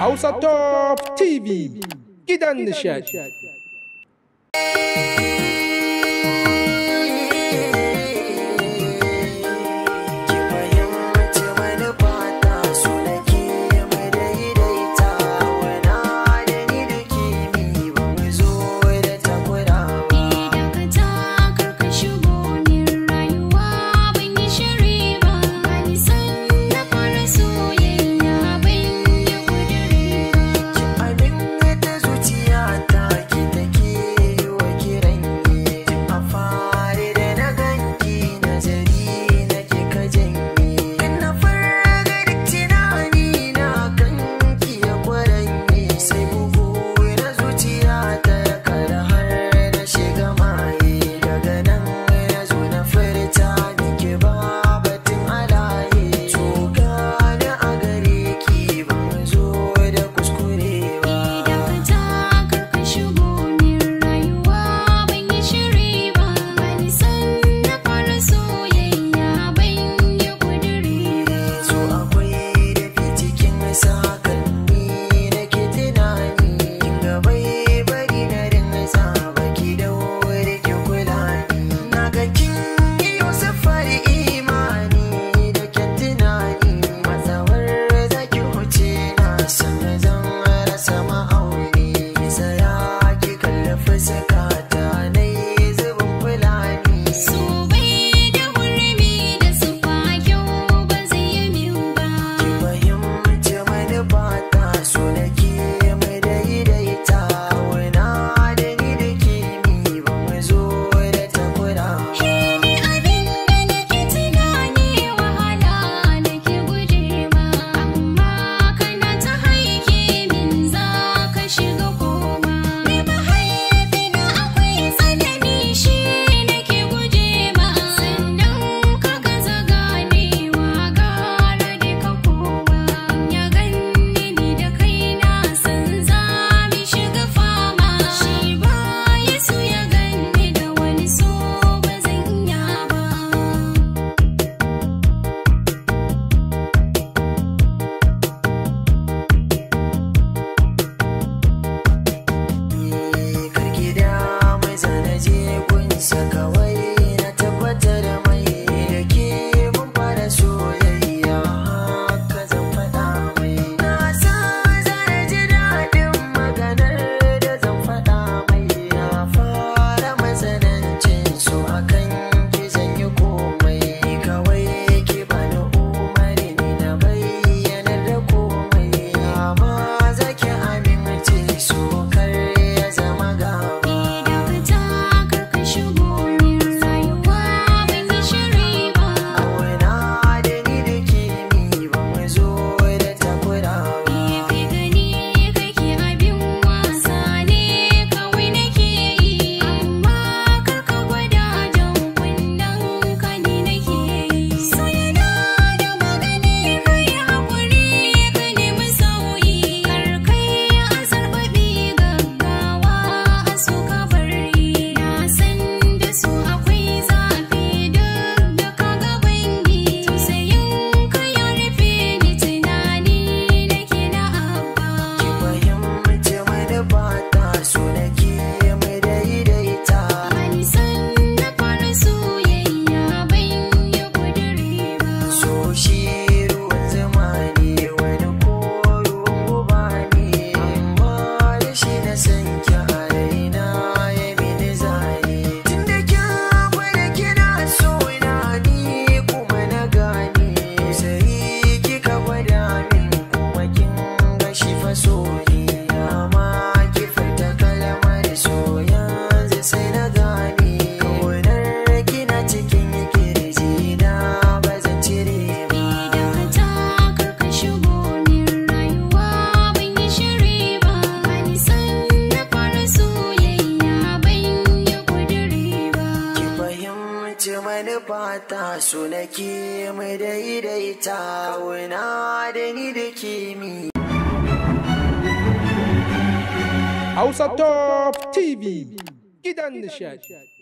House of Top TV. Get on the shot. manufa ta su nake mu daidaita wuna da ni da kimi. Hausa Top TV gidan nishadi.